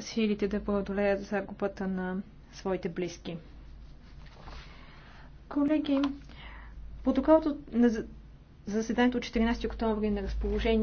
силите да преодолеят загубата на своите близки. Колеги, протоколът на заседанието от 14 октомври е на разположение